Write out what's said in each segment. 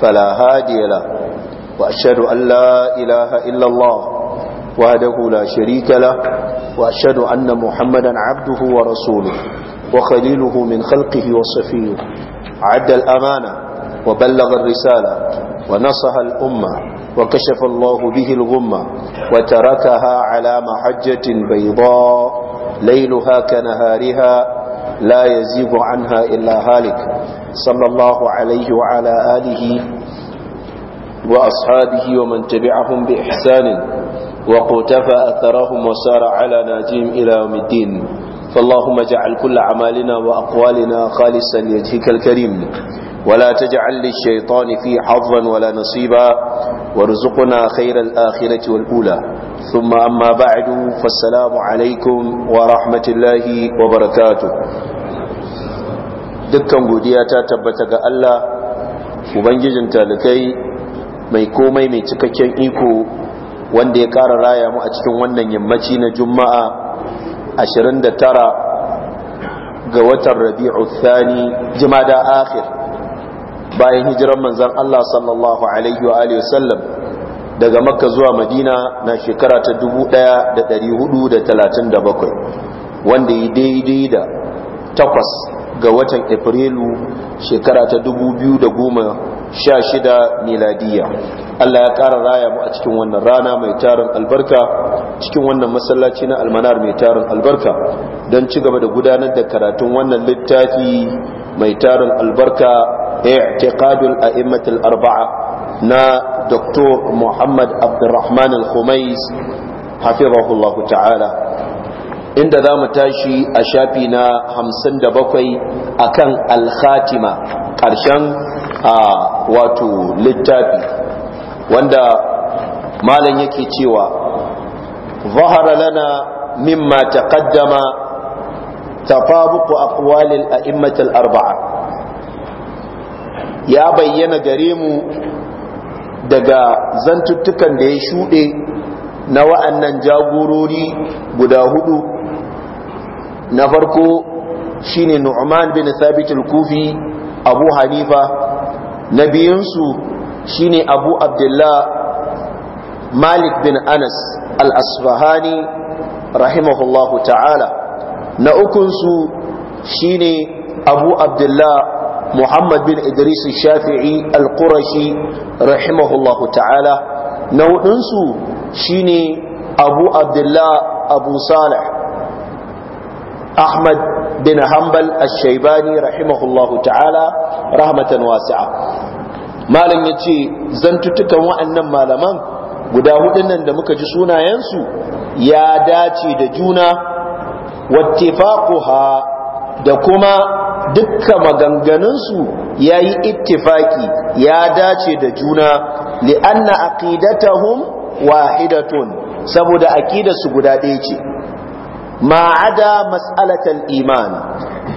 فلا هادي له وأشهد أن لا إله إلا الله وهده لا شريك له وأشهد أن محمدا عبده ورسوله وخليله من خلقه وصفيه عد الأمانة وبلغ الرسالة ونصح الأمة وكشف الله به الغمة وتركها على محجة بيضاء ليلها كنهارها لا يزيغ عنها إلا هالك صلى الله عليه وعلى آله وأصحابه ومن تبعهم بإحسان وقتفى أثرهم وسار على ناجيم إلى يوم الدين فاللهم اجعل كل عمالنا وأقوالنا خالصا ليجهك الكريم ولا تجعل للشيطان في حظا ولا نصيبا وارزقنا خير الآخرة والأولى ثم أما بعد فالسلام عليكم ورحمة الله وبركاته dukkan godiya ta tabbata ga Allah ubangijin talikai mai komai mai cikakken iko wanda ya ƙara raya mu a cikin wannan yammaci na juma'a 29 ga watan rabi'u thani da akhir bayan hijiran manzon Allah sallallahu alaihi wa daga makka zuwa madina na shekara ta 1437 wanda ya daidai da takwas ga watan afrilu shekara ta 2016 miladiya Allah ya kara raya mu a cikin wannan rana mai tarin albarka cikin wannan masallaci na almanar mai tarin albarka don ci gaba da gudanar da karatun wannan littafi mai tarin albarka a a'immatul arba'a na Dr. Muhammad abdurrahman Al-Khumais hafizahullahu ta'ala inda za mu tashi a shafi na 57 akan al-khatima ƙarshen a wato littafi wanda malam yake cewa zahara lana mimma taqaddama tafabuku aqwalil a'immatil arba'a ya bayyana gare mu daga zantuttukan da ya shuɗe na wa'annan jagorori guda hudu na farko shine nu'man bin thabit al-kufi abu hanifa na biyunsu shine abu abdullah malik bin anas al-asfahani rahimahullahu ta'ala na ukunsu shine abu abdullah muhammad bin idris shafi'i al-qurashi rahimahullahu ta'ala na hudunsu shine abu abdullah abu salih ahmad bin Hambal al-shaibani ta'ala rahmatan wasi'a malam ya ce zantuttukan wa'annan malaman guda hudun da muka ji sunayensu ya dace da juna wattifaquha da kuma Dukka maganganunsu ya yi ittifaki ya dace da juna li'anna aqidatahum wahidatun saboda su guda ɗaya ce ma'ada mas'alatal iman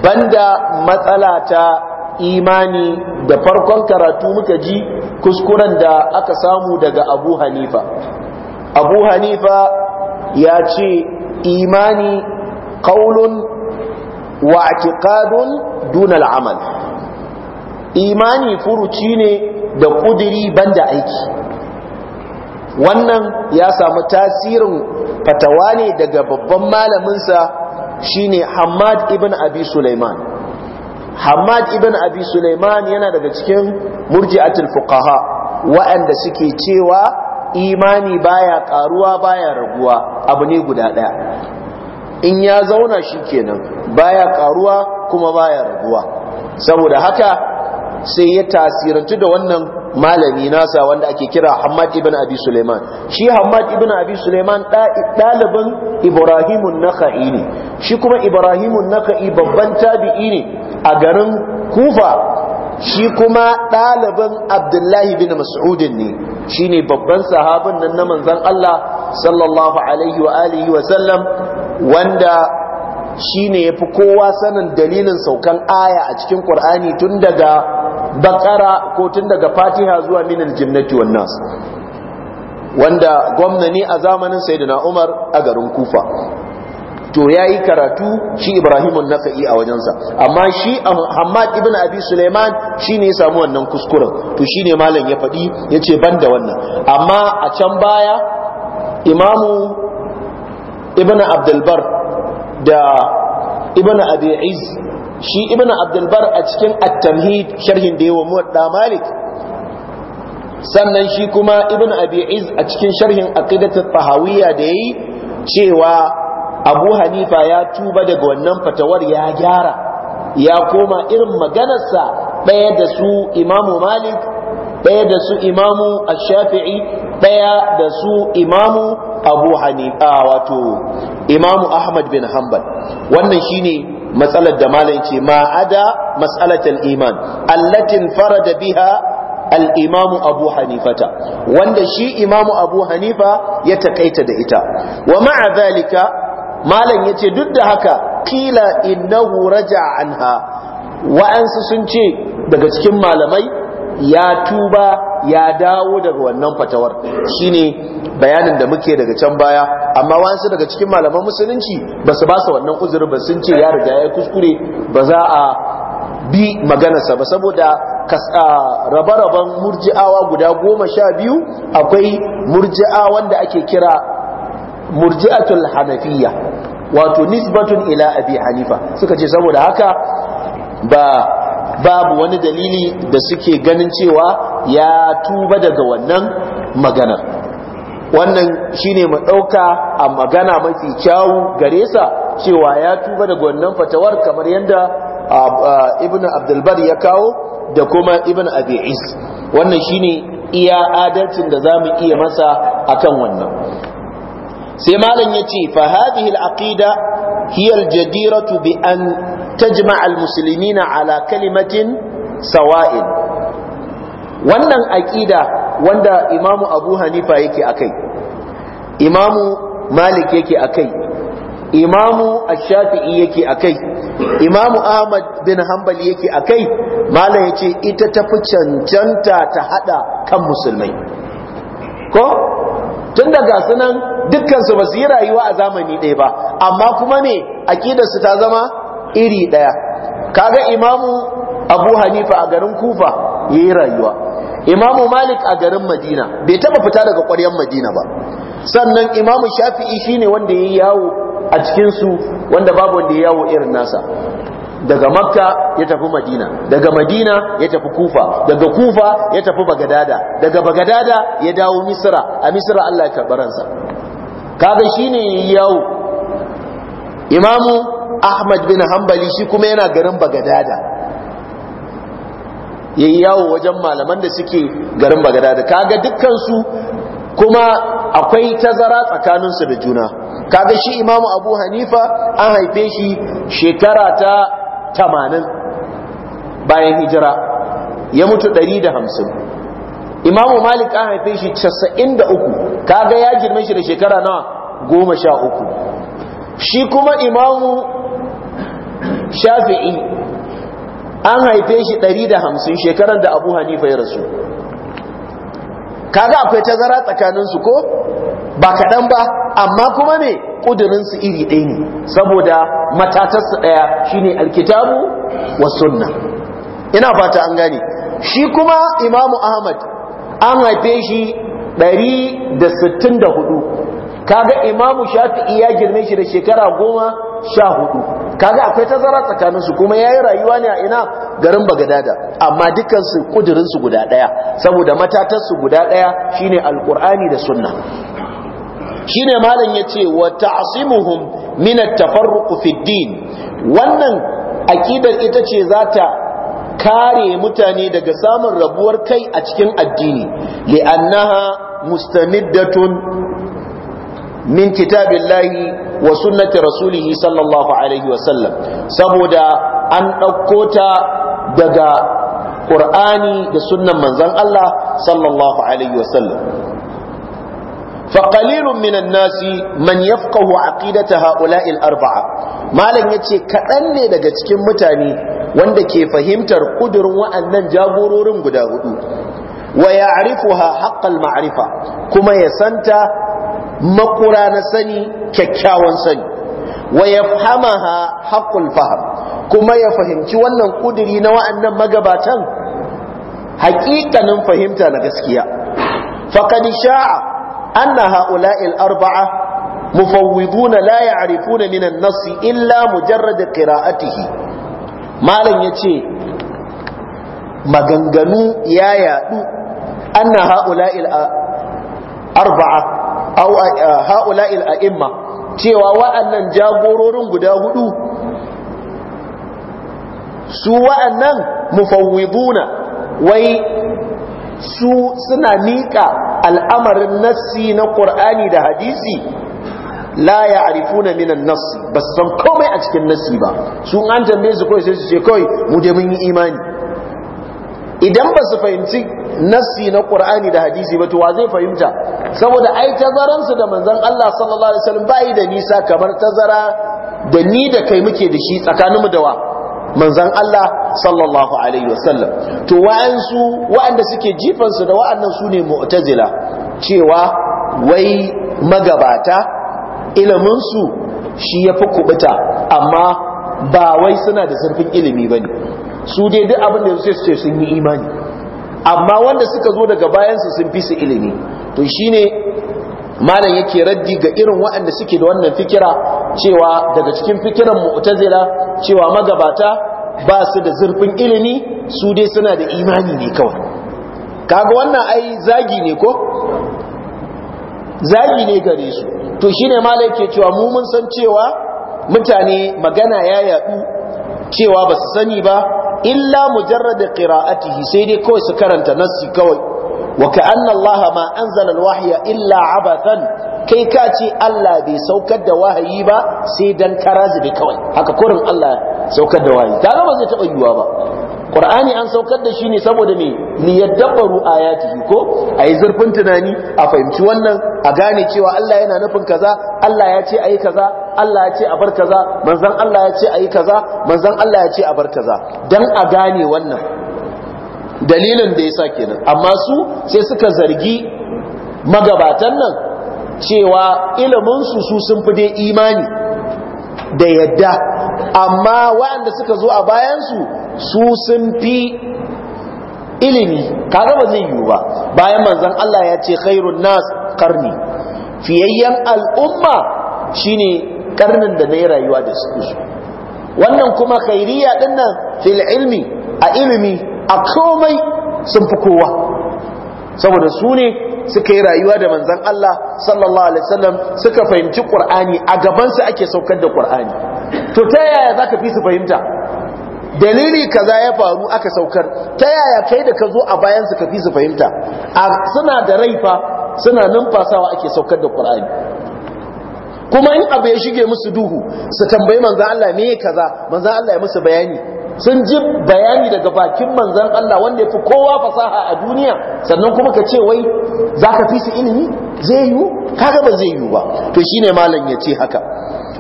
banda matsala ta imani da farkon karatu muka ji kuskuren da aka samu daga abu hanifa abu hanifa ya ce imani kaulun wa atiqadun duna al'amal imani furuci ne da kudiri banda aiki wannan ya samu tasirin fatawa ne daga babban malaminsa shine Hamad ibn Abi Sulaiman Hamad ibn Abi Sulaiman yana daga cikin murji'atul fuqaha waɗanda suke cewa imani baya karuwa baya raguwa abu ne guda ɗaya in ya zauna shi kenan baya karuwa kuma baya raguwa saboda haka sai ya tasirantu da wannan malami nasa wanda ake kira Hamad ibn Abi Sulaiman shi Hamad ibn Abi Sulaiman ɗalibin Ibrahimun Naka'i ne shi kuma Ibrahimun Naka'i babban tabi'i ne a garin Kufa shi kuma ɗalibin abdullahi bin mas'udin ne shi ne babban sahabin nan na manzan Allah sallallahu alaihi wa alihi wa sallam wanda Shi shine yafi kowa sanin dalilin saukan aya a cikin Qur'ani tun daga Bakara ko tun daga Fatiha zuwa minal jinnati wan nas wanda gwamna ne a zamanin Sayyidina Umar a garin Kufa to yayi karatu shi Ibrahim an-Nakhai a wajensa amma shi Hammad ibn Abi Suleiman shi ne ya samu wannan kuskuren to shine malam ya faɗi yace banda wannan amma a can baya imamu ibn Abdulbar. da ibn abi iz shi ibn abdul bar a cikin at-tamhid sharhin da yawa muwadda malik sannan shi kuma ibn abi iz a cikin sharhin aqidat at-tahawiyya da yayi cewa abu hanifa ya tuba daga wannan fatawar ya gyara ya koma irin maganarsa ɗaya da su imamu malik ɗaya da su imamu ash-shafi'i ɗaya da su imamu abu hanifa wato imamu ahmad bin hanbal wannan shine matsalar da malam ce ma'ada mas'alatul iman allatin farada biha imam abu hanifata wanda shi imamu abu hanifa ya takaita da ita wa ma'a zalika malam ya ce duk da haka kila innahu raja anha wa'ansu sun ce daga cikin malamai ya tuba ya dawo daga wannan fatawar shine bayanin da muke daga can baya amma wasu daga cikin malaman musulunci ba su ba su wannan uzuri ba sun ce ya riga ya kuskure ba za a bi maganarsa ba saboda rabe-raben murji'awa guda goma sha biyu akwai murji'a wanda ake kira murji'atul hanafiya wato nisbatun ila abi hanifa suka ce saboda haka ba babu wani dalili da suke ganin cewa ya tuba daga wannan magana wannan shine mu dauka a magana mafi kyawu gare sa cewa ya tuba daga wannan fatawar kamar yadda ibn abdulbar ya kawo da kuma ibn abi is wannan shine iya adalcin da zamu iya masa akan wannan sai malam yace fa hadhihi al-aqida هي الجديرة بأن تجمع المسلمين على ala kalimatin wannan aƙida wanda imamu abu hanifa yake kai. imamu malik yake akai imamu ash-shafi'i yake akai imamu ahmad bin hanbal yake akai malam yace ita tafi cancanta ta hada kan musulmai ko tun daga sunan dukkansu ba su yi rayuwa a zamani ɗaya ba amma kuma me aƙidarsu ta zama iri ɗaya kaga imamu abu hanifa a garin kufa ya yi rayuwa imamu malik a garin madina bai taɓa fita daga ƙwaryen madina ba sannan imamu shafi'i shi ne wanda ya yi yawo a cikinsu wanda babu wanda ya yawo irin nasa daga makka ya tafi madina daga madina ya tafi kufa daga kufa ya tafi bagadada daga bagadada ya dawo Misira. a Misira allah ya karɓi kaga shine yi yawo imamu ahmad bin hanbali shi kuma yana garin bagadada ya yi yawo wajen malaman da suke garin bagadada kaga dukkansu kuma akwai tazara tsakaninsu da juna kaga shi imamu abu hanifa an haife shi shekara ta tamanin bayan hijira ya mutu ɗari da hamsin imamu malik an haife shi 93 kaga ya girme shi da shekara nawa goma sha shi kuma imamu shafi'i an haife shi 150 shekaran da abu hanifa ya rasu kaga akwai tazara tsakaninsu ko ba kaɗan ba amma kuma ne ƙudurinsu iri ɗaya ne saboda matatarsu ɗaya shine alkitabu wa sunna ina fata an gane shi kuma imamu ahmad an haife shi 164 kaga imamu shafi'i ya girme shi da shekara goma sha hudu kaga akwai tazara tsakaninsu kuma ya yi rayuwa ne a ina garin bagadada amma dukansu kudurinsu guda ɗaya saboda matatarsu guda ɗaya shine alkur'ani da sunna shine malam ya ce wa ta'asimuhum min at-tafarruq fi din wannan aqidar ita ce za ta kare mutane daga samun rabuwar kai a cikin addini li'annaha mustamiddatun min kitabillahi wa sunnati rasulihi sallallahu alaihi wa sallam saboda an ɗauko ta daga Qur'ani da sunnan manzon Allah sallallahu alaihi wa sallam فقليل من man من aƙidata عقيدة هؤلاء malam مالن yace kaɗan ne daga cikin mutane wanda ke fahimtar kudurin wa'annan jagororin guda hudu wa ya'rifuha haqqal ma'rifa kuma ya santa makura na sani kyakkyawan sani wa yafhamaha haqqul faham, kuma ya fahimci wannan kuduri na wa'annan magabatan haƙiƙanin fahimta na gaskiya faqad sha'a anna ha'ula'il arba'a mufawwiduna la ya'rifuna min an-nass illa mujarrad qira'atihi malam yace maganganu ya yadu anna ha'ula'il arba'a aw ha'ula'il a'imma cewa wa'annan jagororin guda huɗu? su wa'annan mufawwiduna wai su suna miƙa al'amarin nassi na ƙur'ani da hadisi la ya na minan nassi ba su san komai a cikin nassi ba su an tambaye su kawai sai su ce kawai mu da mun yi imani idan ba su fahimci nassi na ƙur'ani da hadisi ba to wa zai fahimta saboda ai tazaransu da manzon Allah sallallahu alaihi wasallam yi da nisa kamar tazara da ni da kai muke da shi tsakaninmu da wa Manzan Allah sallallahu alaihi wasallam to wa'ansu wa'anda suke jifansu da wa'annan su ne mu'tazila cewa wai magabata iliminsu shi yafi fi kubuta amma ba wai suna da zarfin ilimi ba ne su dai duk abin da su ce sun yi imani amma wanda suka zo daga bayansu sun fi su ilimi to shine malam yake raddi ga irin waɗanda suke da wannan fikira cewa daga cikin fikiran mu'tazila cewa magabata ba su da zurfin ilimi su dai suna da imani ne kawai kaga wannan ai zagi ne ko zagi ne gare su to shine malai ke cewa mu mun san cewa mutane magana ya yadu cewa ba su sani ba illa mujarrad qira'atihi sai dai kawai su karanta nassi kawai wa ka'anna Allah ma anzala alwahya wahya illa abathan kai ka ce Allah bai saukar da wahayi ba sai dan karazi ne kawai haka kurin Allah saukar da wahayi ta ba zai taba yiwa ba Qur'ani an saukar da shi ne saboda me ni yaddabaru ayatihi ko ayi zurfin tunani a fahimci wannan a gane cewa Allah yana nufin kaza Allah ya ce ayi kaza Allah ya ce a bar kaza manzon Allah ya ce ayi kaza manzon Allah ya ce a bar kaza dan a gane wannan dalilin da yasa kenan amma su sai suka zargi magabatan nan cewa iliminsu su sun fi dai imani da yadda amma waɗanda suka zo a bayansu su sun fi ilimi kaga ba zai yiwu ba bayan manzon Allah ya ce khairun nas karni fiyayyen al'umma shine karnin da na rayuwa da su wannan kuma khairiya dinnan fil ilmi a ilimi a komai sun fi kowa saboda su ne suka yi rayuwa da manzan Allah sallallahu alaihi wasallam suka fahimci Qur'ani a gaban su ake saukar da Qur'ani to ta yaya zaka fi su fahimta dalili kaza ya faru aka saukar ta yaya kai da ka zo a bayan su ka fi su fahimta suna da raifa suna numfasawa ake saukar da Qur'ani kuma in abu ya shige musu duhu su tambayi manzan Allah me kaza manzan Allah ya musu bayani sun ji bayani daga bakin manzan Allah wanda ya fi kowa fasaha a duniya sannan kuma ka ce wai za ka fi su ilimi zai yiwu kaga ba zai yiwu ba to shine malam ya ce haka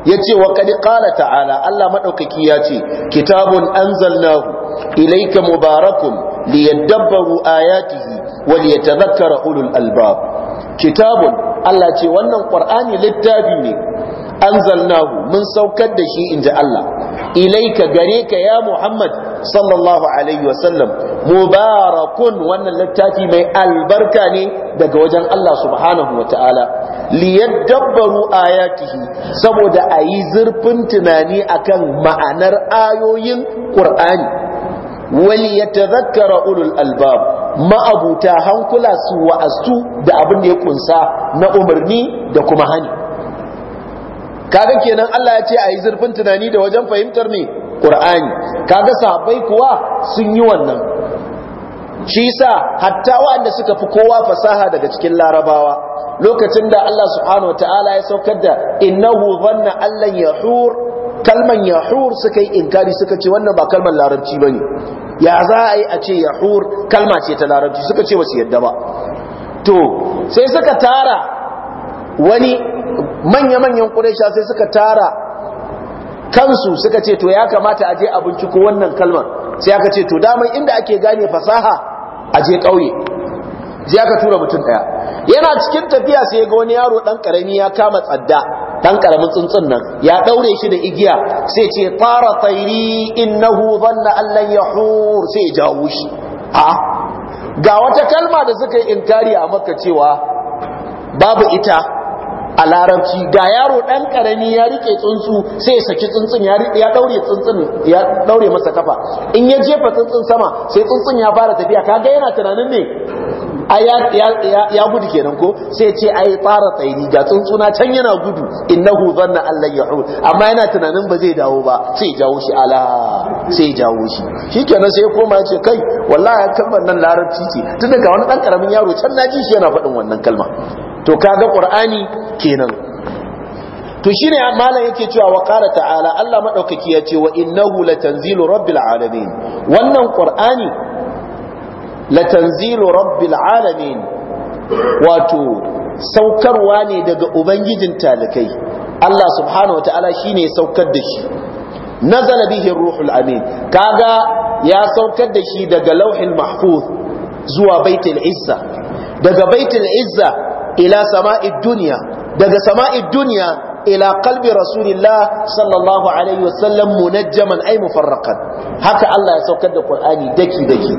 ya ce wa kadi kala ta'ala Allah maɗaukaki ya ce kitabun anzalnahu ilaika mubarakun liyadabbaru ayatihi wa ulul albab kitabun Allah ce wannan Qur'ani littafi ne anzalnahu mun saukar da shi inji Allah ilaika gare ka ya Muhammad sallallahu alaihi wasallam mubarakun wannan littafi mai albarka ne daga wajen Allah subhanahu wataala liyadabbaru ayatihi saboda ayi zurfin tunani akan ma'anar ayoyin Wani ya yatadhakkara ulul albab ma'abuta hankula su wa'astu da abin da ya kunsa na umarni da kuma hani kaga kenan Allah ya ce a yi zurfin tunani da wajen fahimtar ne Qur'ani kaga sahabbai kuwa sun yi wannan shi sa hatta waɗanda suka fi kowa fasaha daga cikin larabawa lokacin da Allah subhanahu wataala ya saukar da innahu dhanna allan yahur kalman yahur suka yi inkari suka ce wannan ba kalman larabci ne. ya za a yi a ce yahur kalma ce ta larabci suka ce ba su yadda ba to sai suka tara wani manya-manyan ƙuresha sai suka tara kansu suka ce to ya kamata a je abinci ko wannan kalmar sai aka ce to damar inda ake gane fasaha a je ƙauye sai aka tura mutum ɗaya yana cikin tafiya sai ga wani yaro ɗan ƙarami ya kama tsadda dan karamin tsuntsun nan ya daure shi da igiya sai ce tara tsairi innahu dhanna an lan yahur sai jawo shi a ga wata kalma da suka yi inkari a maka cewa babu ita a larabci ga yaro dan karami ya rike tsuntsu sai ya saki tsuntsun ya ya daure tsuntsun ya daure masa kafa in ya jefa tsuntsun sama sai tsuntsun ya fara tafiya kaga yana tunanin ne ya gudu kenan ko sai ce ai fara tsaini ga tsuntsuna can yana gudu innahu zanna Allah yahud amma yana tunanin ba zai dawo ba sai jawo shi ala sai jawo shi shikenan sai koma ya ce kai wallahi kalmar nan larabci ce tun daga wani dan karamin yaro can na ji shi yana faɗin wannan kalma to kaga qur'ani kenan to shine malam yake cewa wa qala ta'ala Allah madaukaki ya ce wa innahu latanzilu rabbil alamin wannan qur'ani Latanziru rabbil alamin wato saukarwa ne daga ubangijin talikai Allah subhanahu wataala shine saukar da shi nazala bihi ruhul amin Ka ga ya saukar da shi daga lauhin mahfuz zuwa baitul izza daga baitul izza ila sama'id dunya daga sama'id dunya ila qalbi rasulillah sallallahu alaihi wasallam munajjaman ay mufarraqan haka Allah ya saukar da Qur'ani daki daki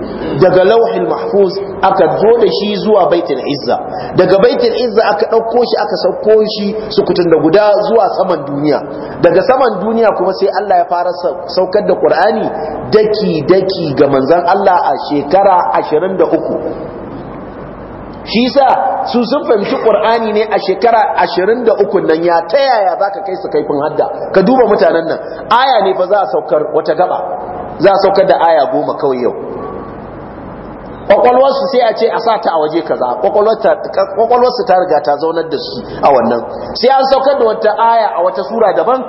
daga lauhin mahfuz aka zo da shi zuwa baitul izza daga baitul izza aka dauko shi aka sauko shi sukutun da guda zuwa saman duniya daga saman duniya kuma sai Allah ya fara saukar da Qur'ani daki daki ga manzon Allah a shekara 23 shi sa su sun fahimci ƙur'ani ne a shekara ashirin da uku nan ya ta yaya za ka kai su kaifin hadda ka duba mutanen nan aya ne fa za a saukar wata gaba za a saukar da aya goma kawai yau kwakwalwarsu sai a ce a sa ta a waje kaza kwakwalwarsu ta riga ta zaunar da su a wannan sai an saukar da wata aya a wata sura daban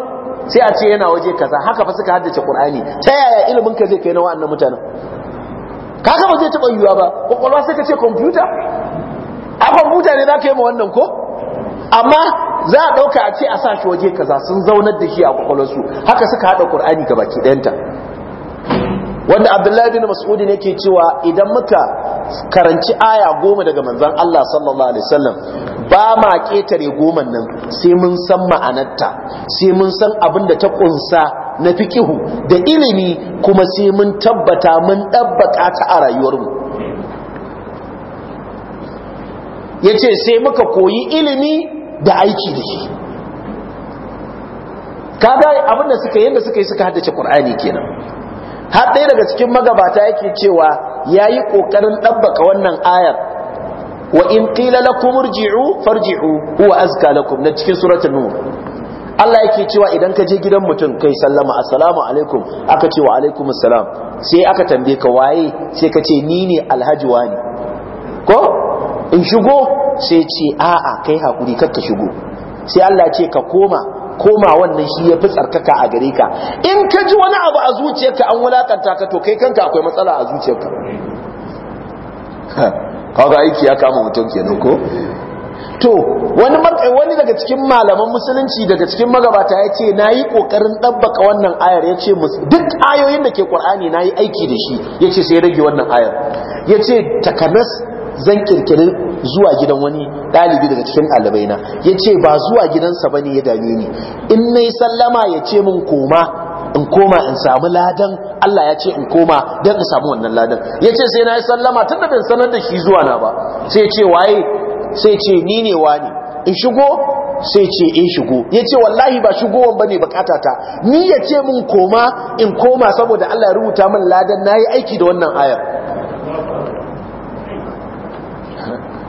sai a ce yana waje kaza haka fa suka haddace qur'ani ta yaya ilimin ka zai kai na wa'annan mutanen kaga ba zai taɓa yiwuwa ba kwakwalwa sai ka ce kwamfuta a kwamfuta ne za ka yi ma wannan ko amma za a ɗauka a ce a sa shi waje kaza sun zaunar da shi a kwakwalwarsu haka suka haɗa ƙur'ani ga baki ɗayanta wanda abdullahi bin mas'ud ne ke cewa idan muka karanci aya goma daga manzon Allah sallallahu alaihi wasallam ba ma ketare goman nan sai mun san ma'anarta sai mun san abin da ta kunsa na fikihu da ilimi kuma sai mun tabbata mun dabbaka ta a rayuwar rayuwarmu yace sai muka koyi ilimi da aiki da shi kaga abin da suka yadda suka yi suka haddace Qur'ani kenan har ɗaya daga cikin magabata yake cewa yayi kokarin dabbaka wannan ayar wa in qila lakum irji'u farji'u huwa azka lakum na cikin suratul nur Allah yake cewa idan ka je gidan mutum kai sallama assalamu alaikum aka ce wa alaikum assalam sai aka tambaye ka waye sai ka ce ni ne alhaji wani ko in shigo sai ce a'a kai hakuri kar ka shigo sai Allah ya ce ka koma koma wannan shi yafi tsarkaka a gare ka in ka ji wani abu a zuciyarka an wulakanta ka to kai kanka akwai matsala a zuciyarka kaga aiki ya kama mutum kenan ko to wani wani daga cikin malaman musulunci daga cikin magabata ya ce na yi ƙoƙarin ɗabbaka wannan ayar ya ce duk ayoyin da ke ƙwar'ani na yi aiki da shi ya ce sai rage wannan ayar ya ce takanas zan kirkiri zuwa gidan wani ɗalibi daga cikin ɗalibai ya ce ba zuwa gidansa ba ne ya dame ni in na yi sallama ya ce min koma in koma in samu ladan Allah ya ce in koma don in samu wannan ladan ya ce sai na yi sallama tun da sanar da shi zuwa na ba sai ce waye sai ce ni ne wani in shigo sai ce in eh, shigo ya ce wallahi ba shigowan ba ne ta. ni ya ce min koma in koma saboda Allah ya rubuta min ladan na yi aiki da wannan ayar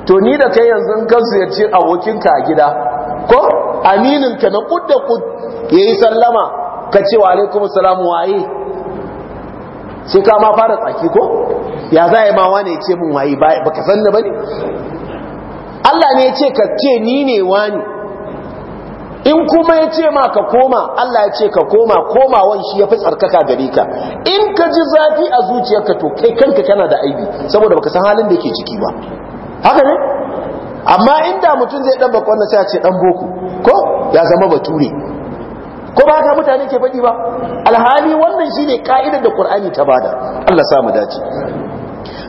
to ni da kai yanzu kan ziyarci abokinka a gida ko aminin ka na kud da kud yayi sallama ka ce wa alaikum salamu waye sai ka ma fara tsaki ko ya za ma wane ya ce min waye baka san ba bane Allah ne ya ce ka ce ni ne wani in kuma ya ce ma ka koma Allah ya ce ka koma komawan shi ya fi tsarkaka gare ka in ka ji zafi a zuciyarka to kai kanka kana da aibi saboda baka san halin da yake ciki ba haka ne amma inda mutum zai dan bakon na sai a ce dan boko ko ya zama bature ko ba ka mutane ke faɗi ba alhali wannan shine ka'idar da Qur'ani ta bada Allah sa mu dace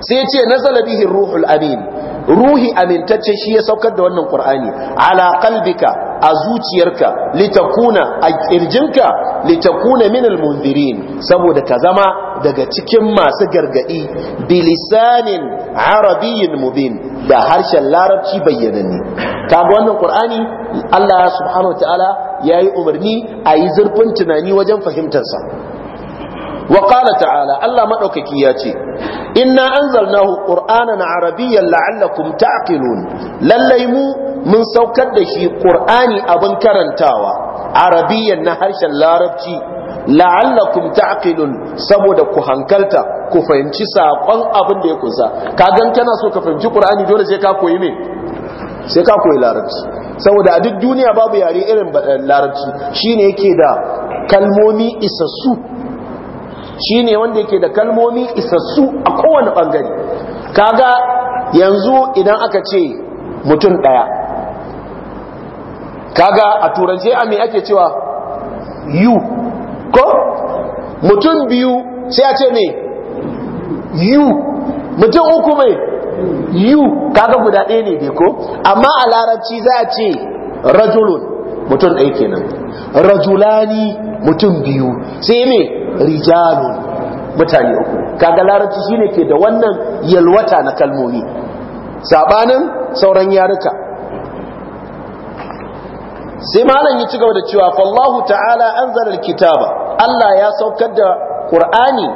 sai ya ce nazala bihi ruhul amin ruhi amintacce shi ya saukar da wannan qur'ani ala qalbika a zuciyarka litakuna a kirjinka litakuna min almunzirin saboda ka zama daga cikin masu gargadi bilisanin arabiyyin mubin da harshen larabci bayyananne kaga wannan qur'ani Allah subhanahu wataala yayi umarni a yi zurfin tunani wajen fahimtarsa wa qala ta'ala Allah madaukaki ya ce inna anzalnahu qur'anan arabiyyan la'allakum ta'qilun lallai mu mun saukar da shi qur'ani abin karantawa arabiyyan na harshen larabci la'allakum ta'qilun saboda ku hankalta ku fahimci sakon abin da ya Ka kagan kana so ka fahimci qur'ani dole sai ka koyi me sai ka koyi larabci saboda a duk duniya babu yare irin eh, larabci shine yake da kalmomi isassu Shi ne wanda yake da kalmomi isassu a kowane bangare kaga yanzu idan aka ce mutum ɗaya kaga a turance a me ake cewa yu ko mutum biyu sai a ce ne yu mutum uku mai yu kaga guda ɗaya ne dai ko amma a larabci za a ce rajulun mutum ɗaya kenan rajulani mutum biyu sai ne rijalun mutane uku kaga larabci shine ke da wannan yalwata na kalmomi sabanin sauran yaruka sai malam ya ci gaba da cewa fallahu ta'ala anzala alkitaba Allah ya saukar da Qur'ani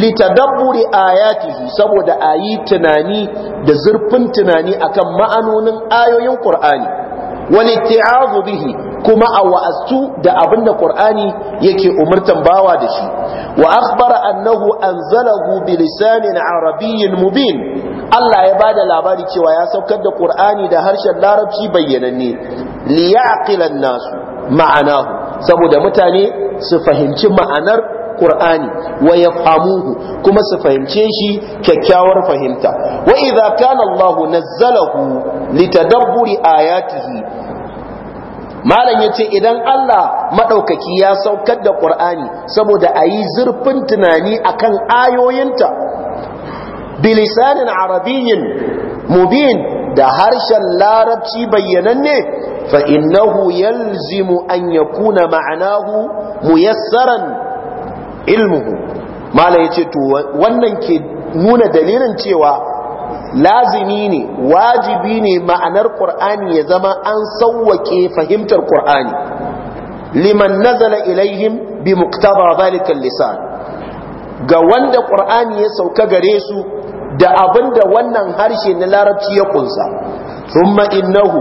litadabburi ayatihi saboda ayi tunani da zurfin tunani akan ma'anonin ayoyin Qur'ani Wani isti'azu kuma a wa'astu da abinda qur'ani yake umurtan bawa da shi wa akhbara annahu anzalahu bi lisanin arabiyyin mubin Allah ya bada labari cewa ya saukar da qur'ani da harshen larabci bayyananne li ya'qilan nasu ma'anahu saboda mutane su fahimci ma'anar qur'ani wa yafhamuhu kuma su fahimce shi kyakkyawar fahimta wa idza kana Allahu nazzalahu litadabburi ayatihi malam ya ce idan Allah madaukaki ya saukar da qur'ani saboda ayi zurfin tunani akan ayoyinta bilisanin arabiyyin mubin da harshen larabci bayyananne فإنه يلزم أن يكون معناه ميسرا ilmuhu mala yace to wannan ke nuna dalilin cewa lazimi ne wajibi ne ma'anar qur'ani ya zama an sawwake fahimtar qur'ani liman nazala ilaihim bi muqtaba zalika lisan ga wanda qur'ani ya sauka gare su da abinda wannan harshe na larabci ya kunsa thumma innahu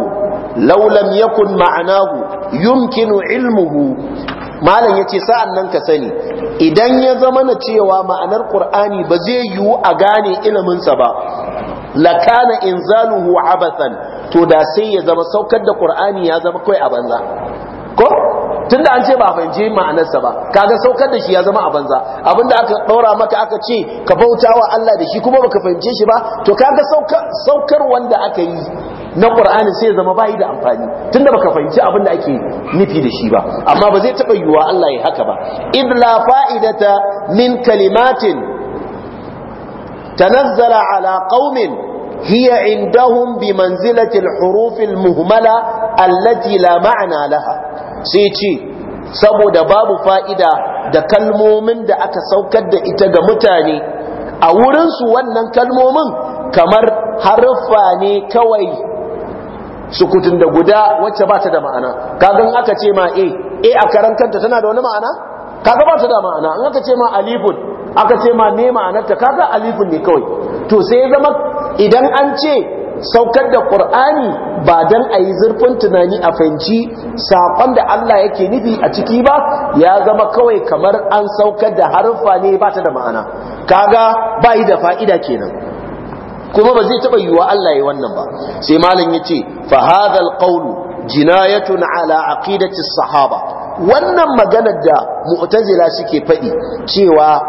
law lam yakun ma'anahu yumkinu ilmuhu malam yace sa'an nan ka sani idan ya zama na cewa ma'anar qur'ani ba zai yiwu a gane ilimin sa ba lakana inzaluhu abathan to da sai ya zama saukar da qur'ani ya zama kai a banza ko tunda an ce ba fahimci ma'anarsa ba kaga saukar da shi ya zama a banza abinda aka ɗora maka aka ce ka bautawa Allah da shi kuma baka fahimce shi ba to kaga saukar wanda aka yi na Qur'ani sai ya zama bai da amfani tunda baka fahimci abin da ake nufi da shi ba amma ba zai taba yiwuwa Allah ya haka ba id fa'idata min kalimatin tanazzala ala qaumin هي عندهم بمنزلة الحروف المهملة التي لا معنى لها sai ce saboda babu fa'ida da kalmomin da aka saukar da ita ga mutane a wurinsu wannan kalmomin kamar haruffa ne kawai sukutun da guda wacce ba ta da ma'ana kagan aka ce ma e e a karan kanta tana da wani ma'ana kaga ba ta da ma'ana an aka ce ma alifun aka ce ma ne ma'anarta kaga alifun ne kawai to sai zama idan an ce saukar da ƙur'ani ba don a yi zurfin tunani a fahimci saƙon da Allah yake nufi a ciki ba ya zama kawai kamar an saukar da haruffa ne ba ta da ma'ana kaga ba yi da fa'ida kenan kuma ba zai taɓa yiwuwa Allah ya wannan ba sai malam ya ce fa jina ya tuna ala aqidati sahaba wannan maganar da mu'tazila suke faɗi cewa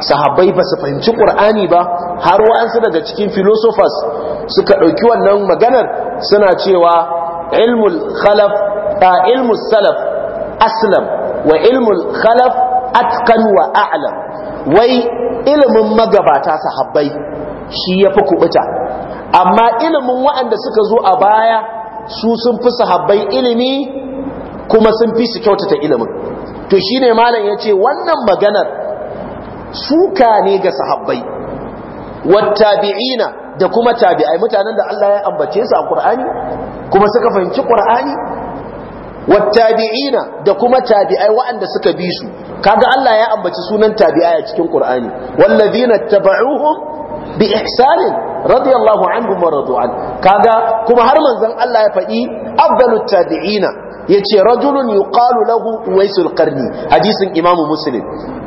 sahabbai ba su fahimci qur'ani ba har wa'ansu daga cikin filosofas suka ɗauki wannan maganar suna cewa ilmul khalaf ilmus salaf aslam wa ilmul khalaf atqan wa a'lam wai ilimin magabata sahabbai shi yafi kubuta amma ilimin wa'anda suka zo a baya su sun fi sahabbai ilimi kuma sun fi su kyautata ilimin to shine malam yace wannan maganar suka ne ga sahabbai wattabi'ina da kuma tabi'ai mutanen da Allah ya ambace su a Qur'ani kuma suka fahimci Qur'ani wattabi'ina da kuma tabi'ai waɗanda suka bi su kaga Allah ya ambaci sunan tabi'ai a cikin Qur'ani wallazina tabauhum bi ihsanin radiyallahu anhum wa radu an kaga kuma har manzon Allah ya faɗi afdalut tabi'ina yace rajulun yuqalu lahu uwaisul qarni hadisin imam muslim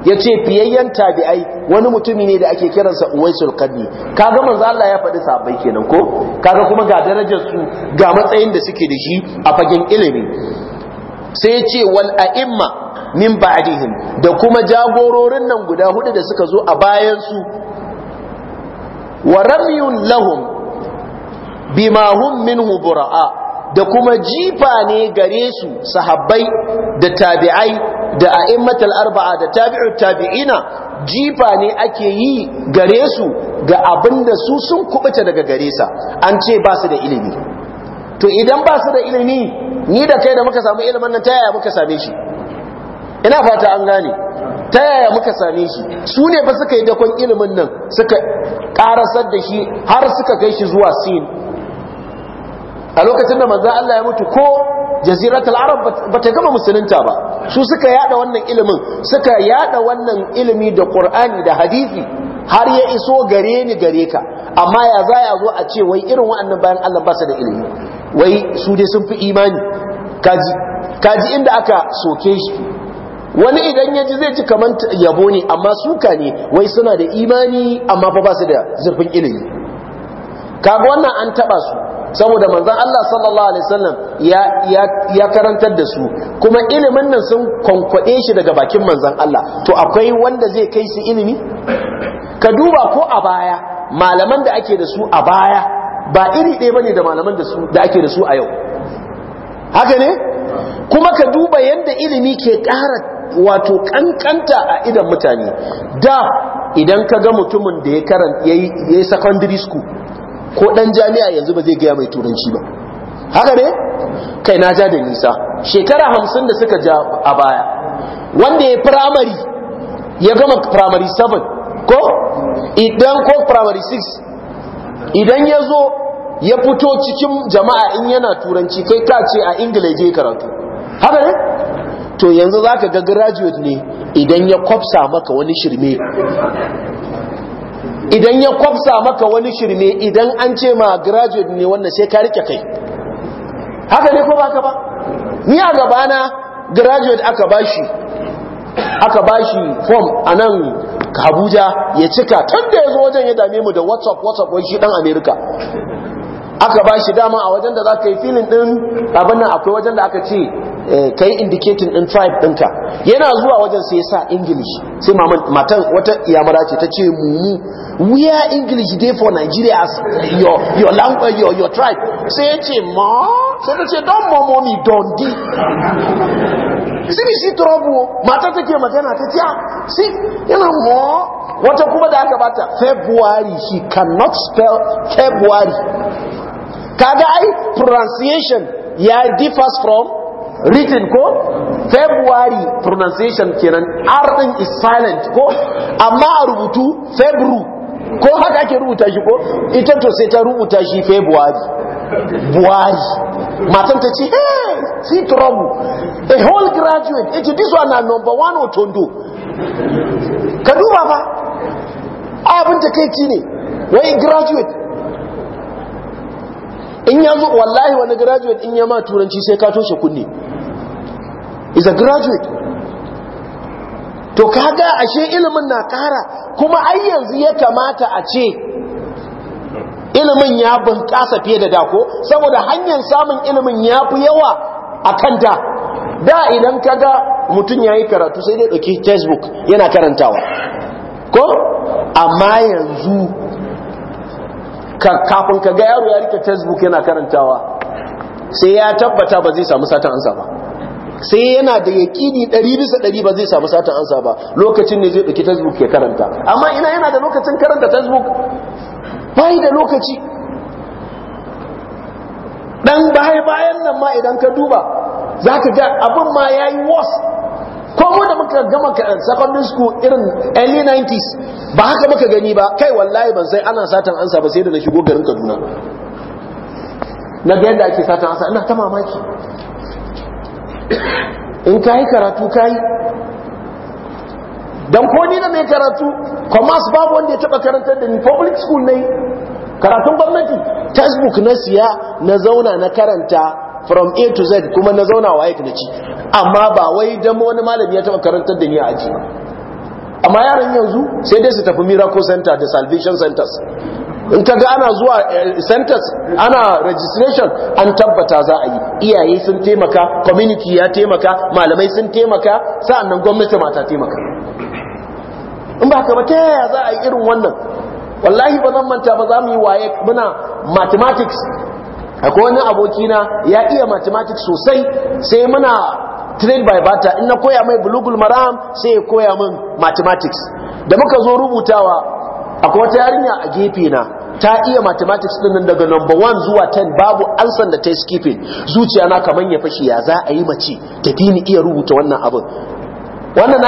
yace fiyayyen tabi'ai wani mutumi ne da ake kiransa uwaisul qarni kaga manzo Allah ya faɗi sahabbai kenan ko kaga kuma ga darajar su ga matsayin da suke da shi a fagen ilimi sai yace wal a'imma min ba'dihim da kuma jagororin nan guda hudu da suka zo a bayan su wa ramyun lahum bima min minhu bura'a da kuma jifa ne gare su sahabbai da tabi'ai da a'immatul arba'a da tabi'ut tabi'ina jifa ne ake yi gare su ga abinda su sun kubuta daga gare sa an ce ba su da ilimi to idan ba su da ilimi ni da kai da muka samu ilimin nan ta yaya muka same shi ina fata an gane ta yaya muka same shi su ne ba suka yi dakon ilimin nan suka karasar da shi har suka kai shi zuwa sin a lokacin da manzan Allah ya mutu ko jaziratul arab ba ta gama musulunta ba su suka yada wannan ilimin suka yada wannan ilimi da qur'ani da hadisi har ya iso gare ni gare ka amma ya za ya zo a ce wai irin wa'annan bayan Allah ba su da ilimi wai su dai sun fi imani kaji kaji inda aka soke shi wani idan ya ji zai ji kamar yabo ne amma suka ne wai suna da imani amma fa ba su da zurfin ilimi kaga wannan an taba su saboda manzan Allah sallallahu alaihi wasallam ya karantar da su kuma ilimin nan sun kwankwade shi daga bakin manzan Allah to akwai wanda zai kai su ilimi ka duba ko a baya malaman da ake da su a baya ba iri ɗaya bane da malaman da da ake da su a yau haka ne kuma ka duba yadda ilimi ke ƙara wato ƙanƙanta a idan mutane da idan ka ga mutumin da ya ya yi secondary school ko dan jami'a yanzu ba zai gaya mai turanci ba haka ne kai na ja da nisa shekara hamsin da suka ja a baya wanda ya firamari ya gama firamari 7 ko idan ko firamari 6 idan ya zo ya fito cikin jama'a in yana turanci kai ka ce a ingila je karatu haka ne to yanzu za ka ga graduate ne idan ya kwafsa maka wani shirme idan ya kwafsa maka wani shirme idan an ce ma graduate ne wannan sai ka rike kai haka ne ko ba ka ba ni a gabana graduate aka bashi aka bashi form a nan Abuja ya cika tun da ya zo wajen ya dame mu da whatsapp whatsapp wai shi dan America aka bashi dama a wajen da za ka yi filin din abin nan akwai wajen da aka ce Eh, kai indicating din tribe ɗinka yana zuwa wajen sai sa english sai matan wata iyamara ce ta ce mu where english dey for nigeria as your your language your, your tribe sai ya ce ma sai ta ce don momo mi don di sai shi trouble mata take magana ta ce si yana mo wata kuma da aka bata february she cannot spell february kaga ai pronunciation ya differs from written ko february pronunciation kenan r din is silent ko amma a rubutu february ko haka ake rubuta shi ko ita to sai ta rubuta shi february buhari matan ta ce eh see trouble a whole graduate ita this one na number one otondo ka duba ba abin takaici ne wai graduate in ya zo wallahi wani graduate in ya ma turanci sai ka toshe kunne is a graduate to kaga ashe ilimin na kara kuma ai yanzu ya kamata a ce ilimin ya bunƙasa fiye da dako saboda hanyar samun ilimin ya fi yawa a kanta da idan kaga mutum ya yi karatu sai dai ɗauki facebook yana karantawa ko amma yanzu kafin ka ga yaro ya rike facebook yana karantawa sai ya tabbata ba zai samu satan ansa ba sai yana da yaƙini ɗari bisa ɗari ba zai samu satan ansa ba lokacin ne zai ɗauki facebook ya karanta amma ina yana da lokacin karanta facebook bai da lokaci dan baya bayan nan ma idan ka duba za ka ga abin ma ya yi worse ko mu da muka gama secondary school irin early 90s ba haka muka gani ba kai wallahi ban sai ana satan ansa ba sai da na shigo garin Kaduna na ga yadda ake satan ansa ina ta mamaki in kai karatu kai dan ko ni na mai karatu commerce babu wanda ya taba karantar da ni public school ne karatun gwamnati textbook na siya na zauna na karanta from a to z kuma na zauna wa na ci amma ba wai dan wani malami ya taba karantar da ni a aji amma yaran yanzu sai dai su tafi miracle center da salvation centers in ta ga ana zuwa eh, centers ana registration an tabbata za a yi iyaye sun taimaka community ya taimaka malamai sun taimaka sa'annan gwamnati ma ta taimaka in ba ka ba ta yaya za a yi irin wannan wallahi ba zan manta ba za mu yi waye muna mathematics akwai wani abokina ya iya mathematics sosai sai muna trade by barter in na koya mai bulugul maram sai ya koya min mathematics da muka zo rubutawa akwai wata yarinya a gefe na ta iya mathematics din daga number 1 zuwa 10 babu ansan da ta skipping zuciya na kaman ya fashi ya za a yi mace tafi ni iya rubuta wannan abin wannan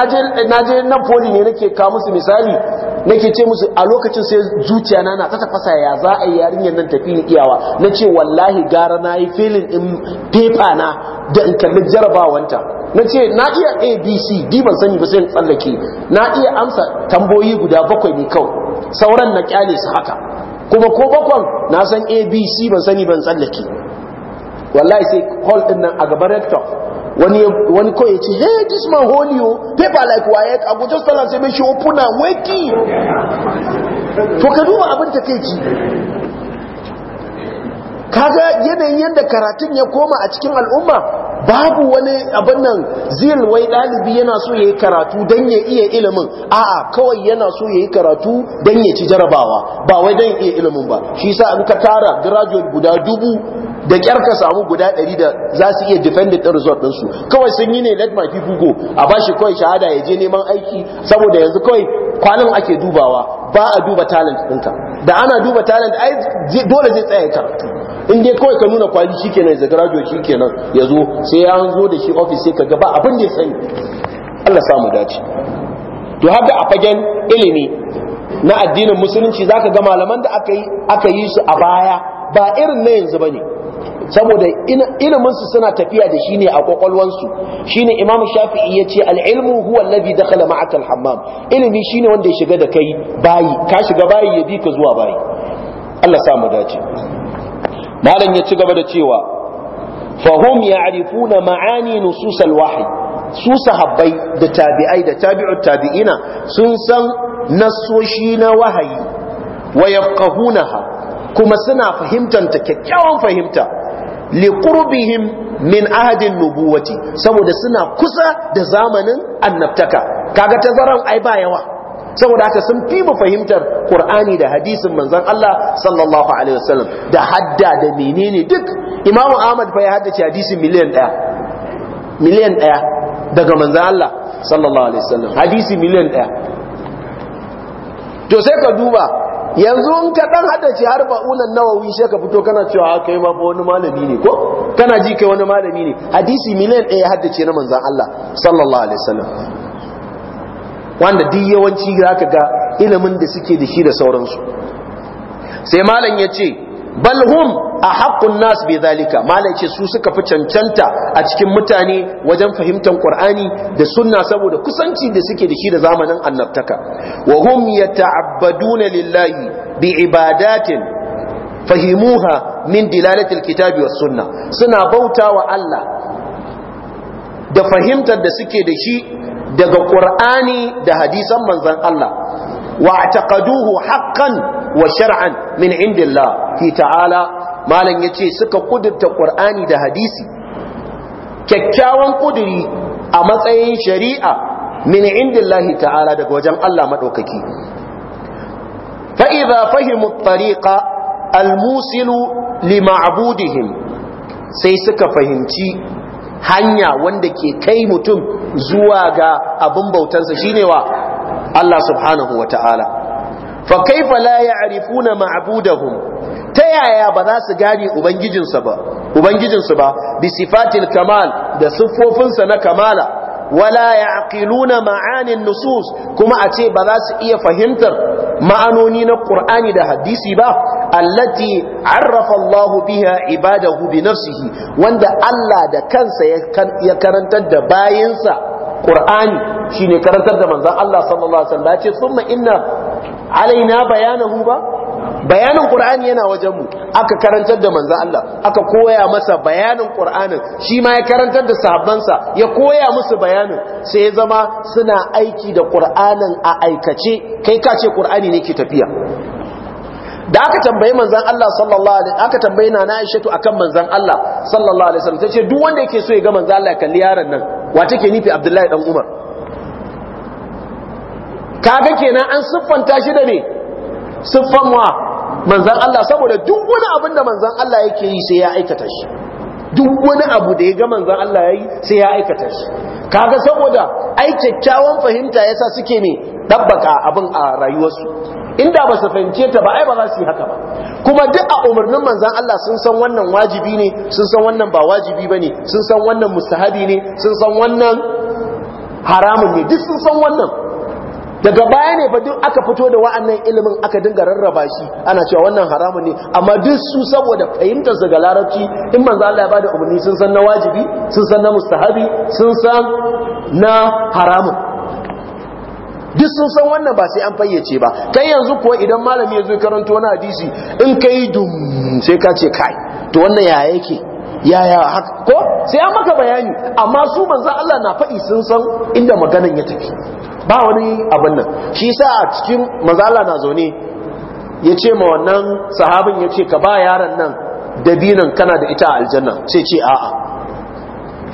naje nan foli ne nake ka musu misali nake ce musu a lokacin sai zuciya na na ta tafasa ya za a yi yarinyar nan tafi iyawa na ce wallahi gara na yi filin in pepa na da in kalli jarabawanta na ce na iya abc d ban sani ba sai tsallake na iya amsa tamboyi guda bakwai ne kau sauran na kyale su haka kuma ko bakwan na san abc ban sani ban tsallake wallahi sai hall din nan a gaban rector wani wani ko yace hey this man holy o paper like wire i go just tell am say make she open am wake you to kaduwa abin take takeici kaga yanayin yadda karatun ya koma a cikin al'umma babu wani abin nan zil wai ɗalibi yana so ya yi karatu don ya iya ilimin a'a kawai yana so ya yi karatu don ya ci jarabawa ba wai don ya iya ilimin ba shi sa an ka tara graduate guda dubu da kyar ka samu guda ɗari da za su iya defended ɗin resort ɗinsu kawai sun yi ne let my people go a ba shi kawai shahada ya je neman aiki saboda yanzu kawai kwanan ake dubawa ba a duba talent ɗinka da ana duba talent ai dole zai tsaya karatu in dai kawai ka nuna kwali shikenan ya zagarajo shikenan ya zo sai ya zo da shi ofis sai ka ga ba abin da ya sani Allah mu dace to haka a fagen ilimi na addinin musulunci zaka ga malaman da aka yi aka yi su a baya ba irin na yanzu bane saboda ilimin su suna tafiya da shi ne a kwakwalwansu shine imam shafi'i ya ce al'ilmu huwa alladhi dakhala ma'aka al-hammam ilimi shine wanda ya shiga da kai bayi ka shiga bayi ya bi ka zuwa bayi Allah sa mu dace malam ya ci gaba da cewa fahum na ma'ani nusus al su sahabbai da tabi'ai da tabi'ut tabi'ina sun san nasoshi na wahayi wa yafqahunaha kuma suna fahimtar ta kyakkyawan fahimta li qurbihim min ahadin nubuwati saboda suna kusa da zamanin annabtaka kaga tazaran ai ba yawa saboda haka sun fi mu fahimtar Qur'ani da hadisin manzon Allah sallallahu alaihi wasallam da hadda da menene duk Imam Ahmad fa ya haddace hadisin miliyan ɗaya miliyan ɗaya daga manzon Allah sallallahu alaihi wasallam hadisi miliyan ɗaya to sai ka duba yanzu in ka dan haddace ce har ba'unan nawawi sai ka fito kana cewa kai ma wani malami ne ko kana ji kai wani malami ne hadisi miliyan ɗaya haddace na manzon Allah sallallahu alaihi wasallam wanda duk yawanci za ka ga ilimin da suke da shi da sauransu sai malam ya ce balhum a haƙƙun nas bai zalika malam ce su suka fi cancanta a cikin mutane wajen fahimtar ƙur'ani da sunna saboda kusanci da suke da shi da zamanin annabtaka wa hum yata'abbaduna lillahi bi ibadatin fahimuha min dilalatil kitabi was sunna suna bautawa Allah da fahimtar da suke da shi daga ƙur'ani da hadisan manzan Allah wa taqaduhu haqqan wa shar'an min indillah fi ta'ala malam yace suka kudurta ƙur'ani da hadisi kyakkyawan kuduri a matsayin shari'a min indillahi ta'ala daga wajen Allah madaukaki fa idza fahimu at-tariqa al-musilu li ma'budihim sai suka fahimci hanya wanda ke kai mutum zuwa ga abin bautansa shine wa Allah subhanahu wata'ala fa kaifa la ya'rifuna ma'budahum ta yaya ba za su gane ubangijinsa ba ubangijinsu ba bi sifatil kamal da siffofinsa na kamala wala yaqiluna ma'anin nusus kuma a ce ba za su iya fahimtar ma'anoni na ƙur'ani da hadisi ba allati arrafa Allahu biha ibadahu bi nafsihi wanda Allah da kansa ya karantar da bayansa Qur'ani shine karantar da manzan Allah sallallahu alaihi wasallam ya ce summa inna alaina bayanahu ba bayanin qur'ani yana wajen mu aka karantar da manzo Allah aka koya masa bayanin qur'anin shi ma ya karantar da sahabbansa ya koya musu bayanin sai ya zama suna aiki da qur'anin a aikace kai ka ce qur'ani ne ke tafiya da aka tambayi manzan Allah sallallahu alaihi aka tambayi na Aishatu akan manzan Allah sallallahu alaihi wasallam tace duk wanda yake so ya ga manzan Allah ya kalli yaron nan wa take nufi Abdullahi dan Umar kaga kenan an siffanta shi da me siffan wa manzan Allah saboda duk wani abin da manzan Allah yake yi sai ya aikata shi duk wani abu da ya ga manzan Allah ya yi sai ya aikata shi kaga saboda ai kyakkyawan fahimta yasa suke ne dabbaka abin a rayuwarsu inda ba su fahimce ta ba ai ba za su yi haka ba kuma duk a umarnin manzan Allah sun san wannan wajibi ne sun san wannan ba wajibi ba ne sun san wannan mustahabi ne sun san wannan haramun ne duk sun san wannan daga baya ne fa duk aka fito da wa'annan ilimin aka dinga rarraba shi ana cewa wannan haramun ne amma duk su saboda fahimtar su ga larabci in manzo Allah ya bada umarni sun san na wajibi sun san na mustahabi sun san na haramun duk sun san wannan ba sai an fayyace ba kai yanzu kuwa idan malami ya zo karanto wani hadisi in kai dum sai ka ce kai to wannan ya yake ya yaya haka ko sai an maka bayani amma su manzo Allah na faɗi sun san inda maganan ya tafi ba wani abin nan shi sa a cikin mazala na zaune ya ce ma wannan sahabin ya ce ka ba yaran nan dabinan kana da ita a aljanna sai ce a'a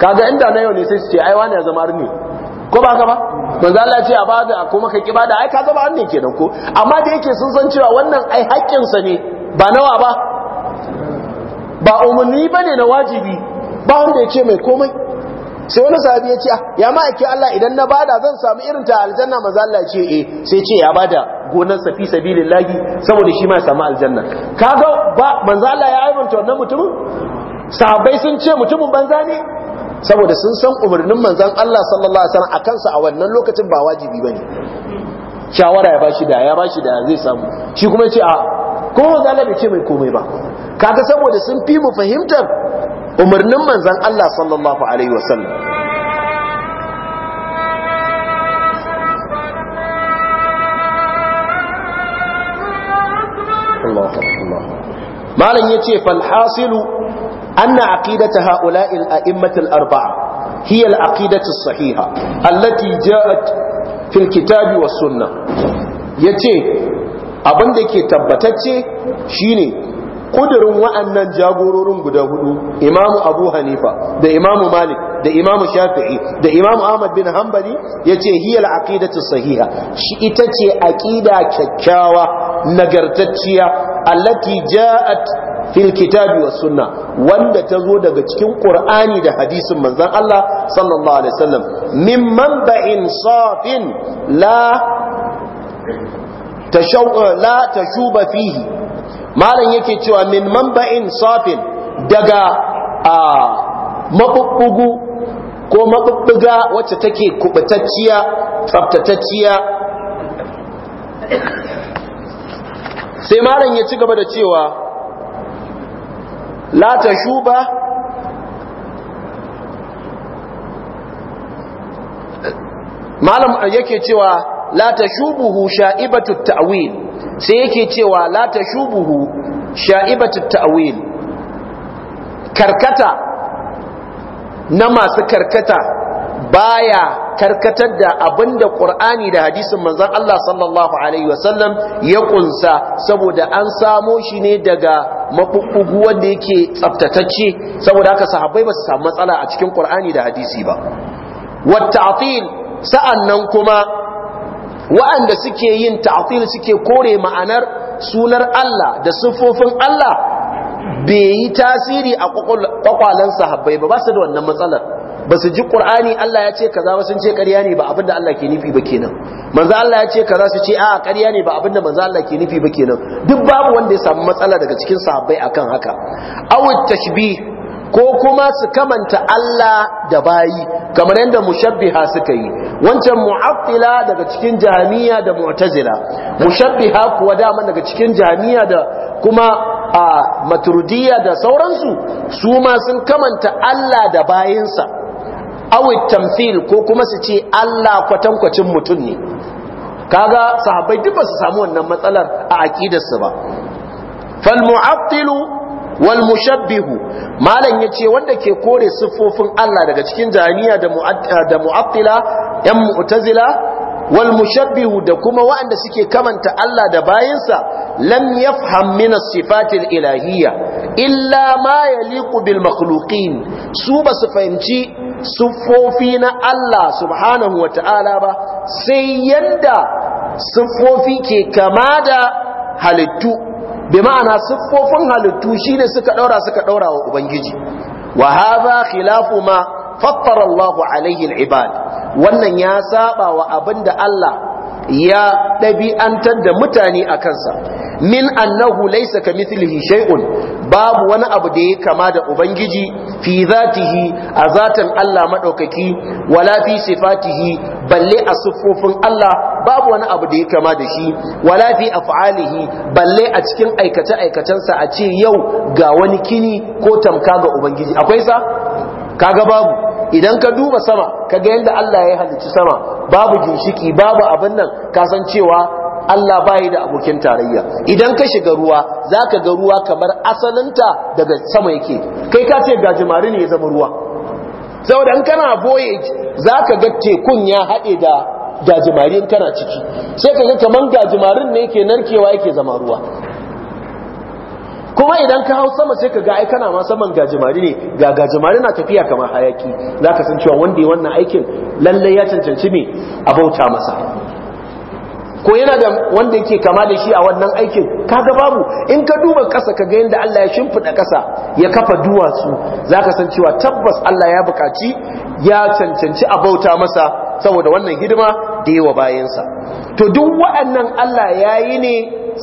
kaga inda na yau ne sai su ce ai wani ya zama rini ko ba ka ba mazala ce a bada kuma ka kiba da ai ka zama arni kenan ko amma da yake sun san cewa wannan ai haƙƙin sa ne ba nawa ba ba umarni bane na wajibi ba wanda ya ce mai komai sai wani sahabi ya ce ah, ya ma aiki Allah idan na bada zan samu irin ta aljanna maza Allah ya ce eh sai ce ya bada gonar sa fi sabilillahi saboda shi ma ya samu aljanna kaga ba manzo Allah ya aibanta wannan mutumin sahabbai sun ce mutumin banza ne saboda sun san umarnin manzon Allah sallallahu alaihi wasallam akan sa a wannan lokacin ba wajibi bane shawara ya bashi da ya bashi da zai samu shi kuma ya ce a ah. kuma manzo Allah bai ce mai komai ba kaga saboda sun fi mu fahimtar umarnin manzan Allah sallallahu alaihi wasallam malam yace ce hasilu anna aqidatu ha'ula'i al-a'immati arbaa hiya al sahiha allati ja'at fil kitabi was sunnah yace abin da ke tabbatacce shine kudurin wa'annan jagororin guda hudu imamu abu hanifa da imamu malik da imamu shafi'i da imamu ahmad bin hanbali ya ce hiyar aƙidatu sahiha shi ita ce aƙida kyakkyawa nagartacciya allati ja'at fil kitabi was sunna wanda ta zo daga cikin qur'ani da hadisin manzon Allah sallallahu alaihi wasallam min manba'in safin la la tashuba fihi malam yake cewa min manba'in safin daga a mabubbugu ko mabubbuga wacce take kubutacciya tsabtatacciya sai malam ya ci gaba da cewa la shuba malam yake cewa la shubuhu sha'ibatu ta'wil sai yake cewa la tashubuhu sha'ibatu ta'wil karkata na masu karkata baya karkatar da abinda Qur'ani da hadisin manzon Allah sallallahu alaihi wasallam ya kunsa saboda an samo shi ne daga mabubbugu wanda yake tsaftatacce saboda haka sahabbai ba su samu matsala a cikin Qur'ani da hadisi ba wa ta'til sa'annan kuma wa'anda suke yin ta'til suke kore ma'anar sunar Allah da siffofin Allah bai yi tasiri a kwakwalen sahabbai ba ba su da wannan matsalar ba su ji qur'ani Allah ya ce kaza ba sun ce ƙarya ne ba abinda Allah ke nufi ba kenan manzo Allah ya ce kaza su ce a'a ƙarya ne ba abinda manzo Allah ke nufi ba kenan duk babu wanda ya samu matsala daga cikin sahabbai akan haka awut tashbih ko kuma su kamanta Allah da bayi kamar yadda mushabbiha suka yi wancan mu'attila daga cikin jami'a da mu'tazila mushabbiha kuwa dama daga cikin jami'a da kuma a da sauransu su ma sun kamanta Allah da bayinsa awit tamthil ko kuma su ce Allah kwatankwacin mutum ne kaga sahabbai duk ba su samu wannan matsalar a aqidarsu ba fal mu'attilu wal mushabbihu malam yace wanda ke kore siffofin Allah daga cikin jami'a da mu'attila yan mu'tazila wal mushabbihu da kuma waɗanda suke kamanta Allah da bayinsa lam yafham min as-sifati ilahiyya illa ma yaliqu bil makhluqin su ba su fahimci siffofi na Allah subhanahu wa ta'ala ba sai yanda siffofi ke kama da halittu bi ma'ana siffofin halittu shine suka ɗaura suka ɗaura wa ubangiji wa haza khilafu ma fattara Allahu alaihi al-ibad wannan ya saba wa abinda Allah ya ɗabi'antar da mutane a kansa min annahu laysa kamithlihi shay'un babu wani abu da ya kama da ubangiji fi zatihi a zatan Allah madaukaki wala fi sifatihi balle a siffofin Allah babu wani abu da ya kama da shi wala fi af'alihi balle a cikin aikace aikacensa a ce yau ga wani kini ko tamka ga ubangiji akwai sa kaga babu idan ka duba sama ka ga yadda Allah ya halicci sama babu ginshiki babu abin nan cewa Allah bayi da abokin tarayya idan ka shiga ruwa za ka ga ruwa kamar asalinta daga sama yake kai ka ce gajimari ne ya zama ruwa saboda in kana boye za ka ga tekun ya haɗe da gajimari in kana ciki sai ka ga kamar gajimarin ne yake narkewa yake zama ruwa kuma idan ka hau sama sai ka ga ai kana ma saman gajimari ne ga gajimari na tafiya kamar hayaki zaka san cewa wanda ya wannan aikin lalle ya cancanci me a bauta masa ko yana da wanda yake kama da shi a wannan aikin kaga babu in ka duba kasa ka ga yanda Allah ya shimfiɗa kasa ya kafa duwatsu zaka san cewa tabbas Allah ya buƙaci ya cancanci a bauta masa saboda wannan hidima da yawa bayansa to duk waɗannan Allah ya yi ne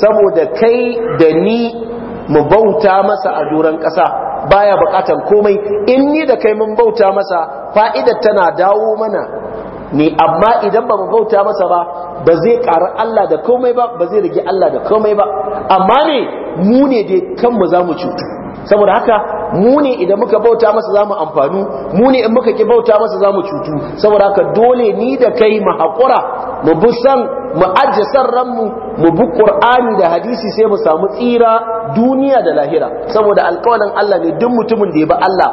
saboda kai da ni mu bauta masa a duran ƙasa baya buƙatar komai in ni da kai mun bauta masa fa'idar tana dawo mana ne amma idan ba mu bauta masa ba ba zai ƙara Allah da komai ba ba zai rage Allah da komai ba amma ne mu ne dai kanmu za mu cutu saboda haka muni idan muka bauta masa zamu amfanu mu in muka ki bauta masa zamu cutu saboda haka dole ni da kai mu haƙura mu bi san mu ajje mu bi qur'ani da hadisi sai mu samu tsira duniya da lahira saboda alƙawalin Allah ne duk mutumin da ya bi Allah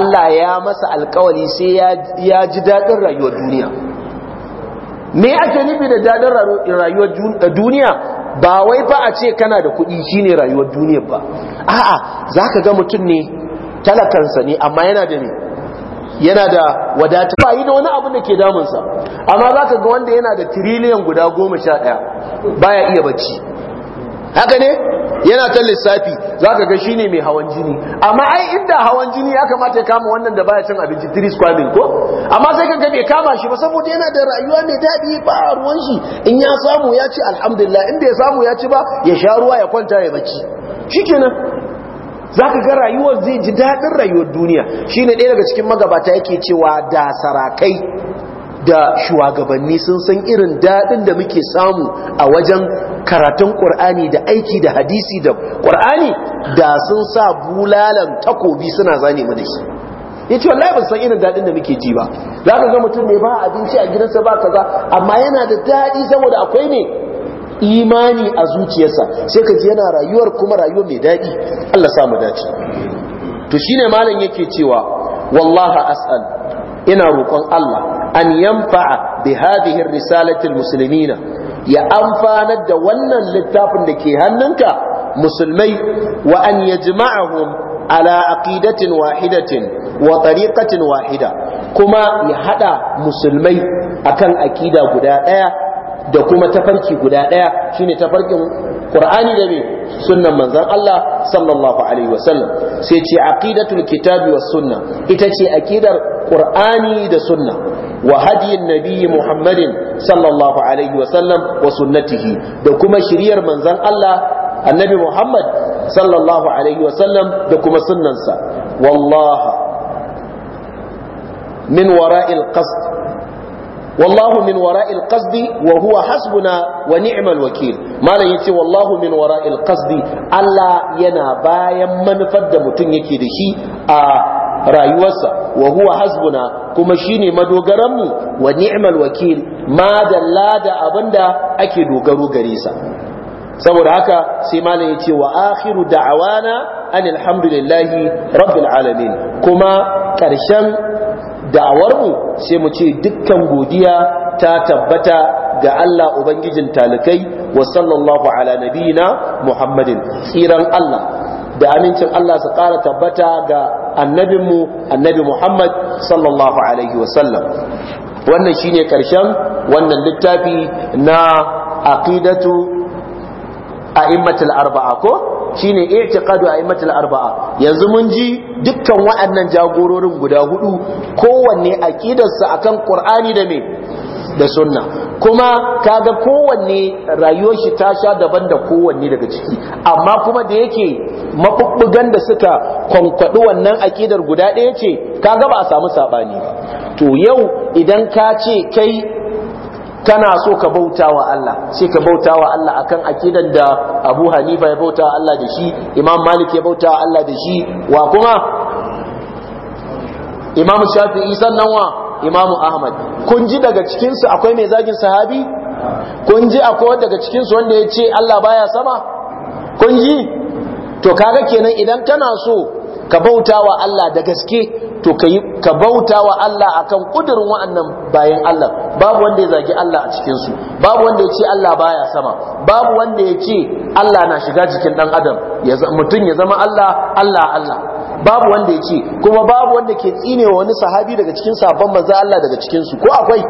Allah ya masa alƙawali sai ya ji dadin rayuwar duniya me ake nufi da dadin rayuwar eh, duniya ba wai ba a ce kana da kuɗi shine rayuwar duniyar ba a'a zaka ga mutum ne talakansa ne amma yana da ne yana da wadata ba yi da wani abu da ke damunsa amma za ka ga wanda yana da tiriliyan guda goma sha ɗaya baya iya bacci haka ne yana ta lissafi za ka ga ne mai hawan jini amma ai inda hawan jini ya kamata ya kama wannan da baya cin abinci tiris kwamin ko amma sai ka ga bai kama shi ba saboda yana da rayuwa mai daɗi ba ruwan shi in ya samu ya ci alhamdulillah inda ya samu ya ci ba ya sha ruwa ya kwanta ya bacci shikenan za ka ga rayuwar zai ji daɗin rayuwar duniya shi ne ɗaya daga cikin magabata yake cewa da sarakai da shugabanni sun san irin daɗin da muke samu a wajen karatun ƙur'ani da aiki da hadisi da ƙur'ani da sun sa bulalan takobi suna zane mu da shi ya ce wallahi ban san irin daɗin da muke ji ba za ka ga mutum ne ba abinci a gidansa ba kaza amma yana da daɗi saboda akwai ne imani a zuciyarsa sai ka ji yana rayuwar kuma rayuwa mai daɗi Allah sa mu dace to shine malam yake cewa wallahi as'al ina roƙon Allah an yanfa'a bi hadhihi risalati almuslimina ya amfanar da wannan littafin da ke hannunka musulmai wa an yajma'ahum ala aqidatin wahidatin wa tariqatin wahida kuma ya hada musulmai akan akida guda daya da kuma tafarki guda ɗaya shi ne tafarkin Qur'ani da me sunan manzan Allah sallallahu alaihi wasallam sai ce aqidatul kitabi wa sunna ita ce aqidar Qur'ani da sunna wa hadiyin nabiyyi Muhammadin sallallahu alaihi wasallam wa sunnatihi da kuma shiriyar manzan Allah annabi Muhammad sallallahu alaihi wasallam da kuma sunansa. wallaha min wara'il qasd wallahu min wara'il qasdi wa huwa hasbuna wa ni'mal wakil malam yace wallahu min wara'il qasdi Allah yana bayan manufar da mutum yake da shi a rayuwarsa wa huwa hasbuna kuma shine madogaran mu wa ni'mal wakil ma dalla abinda ake dogaro gare sa saboda haka sai malam yace wa akhiru da'awana anil hamdulillahi rabbil alamin kuma karshen da'awarmu sai mu ce dukkan godiya ta tabbata ga Allah Ubangijin talikai wa sallallahu ala nabiyina Muhammadin tsiran Allah da amincin Allah su ƙara tabbata ga annabinmu annabi Muhammad sallallahu alaihi sallam wannan shine karshen wannan littafi na aqidatu A a'immatul arba'a ko shine i'tiqadu a'immatul arba'a yanzu mun ji dukkan waɗannan jagororin guda hudu kowanne aqidarsa akan qur'ani da me da sunna kuma kaga kowanne rayuwar shi ta sha daban da kowanne daga ciki amma kuma da yake mafubbugan da suka kwankwadi wannan aqidar guda ɗaya ce kaga ba a samu sabani to yau idan ka ce kai kana so ka bauta wa Allah sai ka bauta wa Allah akan akidan da Abu Hanifa ya bauta wa Allah da shi Imam Malik ya bauta wa Allah da shi wa kuma Imam Shafi'i sannan wa Imam Ahmad kun ji daga cikin su akwai mai zagin sahabi kun ji akwai daga cikin su wanda ya ce Allah baya sama kun ji to kaga kenan idan kana so ka bauta wa Allah da gaske to ka bauta wa Allah akan kudurin wa'annan bayan Allah babu wanda ya zagi Allah a cikin su babu wanda ya ce Allah baya sama babu wanda ya ce Allah na shiga jikin dan adam mutum ya zama Allah Allah Allah babu wanda ya ce kuma babu wanda ke tsine wa wani sahabi daga cikin sabon manzo Allah daga cikin su ko akwai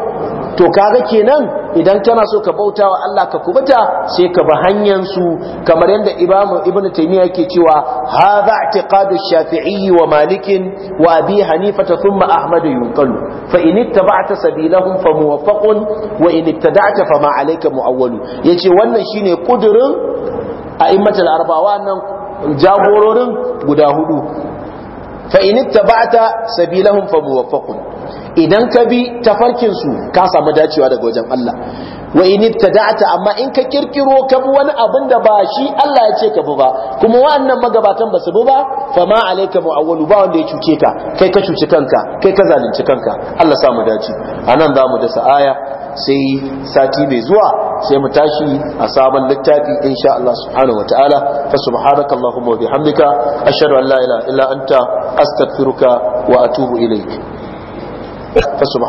to kaga kenan idan kana so ka bauta wa Allah ka kubuta sai ka bi hanyar su kamar yadda Imam Ibn Taymiyyah yake cewa hadha i'tiqadu Shafi'i wa Malik wa Abi Hanifa thumma Ahmad yuqalu fa in ittaba'ta sabilahum fa muwaffaqun wa in ittada'ta fa ma 'alayka mu'awwalu yace wannan shine kudurin a'immatul arba'a nan jagororin guda hudu fa in ittaba'ta sabilahum fa muwaffaqun idan ka bi tafarkin su ka samu dacewa daga wajen Allah wa in amma in ka kirkiro ka bi wani abin da ba shi Allah ya ce ka bi ba kuma wa'annan magabatan ba su bi ba fa ma alayka mu'awwalu ba wanda ya cuce ka kai ka cuci kanka kai ka zalunci kanka Allah samu dace anan zamu dasa aya sai sati mai zuwa sai mu tashi a sabon littafi insha Allah subhanahu wa ta'ala fa subhanaka allahumma wa bihamdika ashhadu an la ilaha illa anta astaghfiruka wa atubu ilayk fa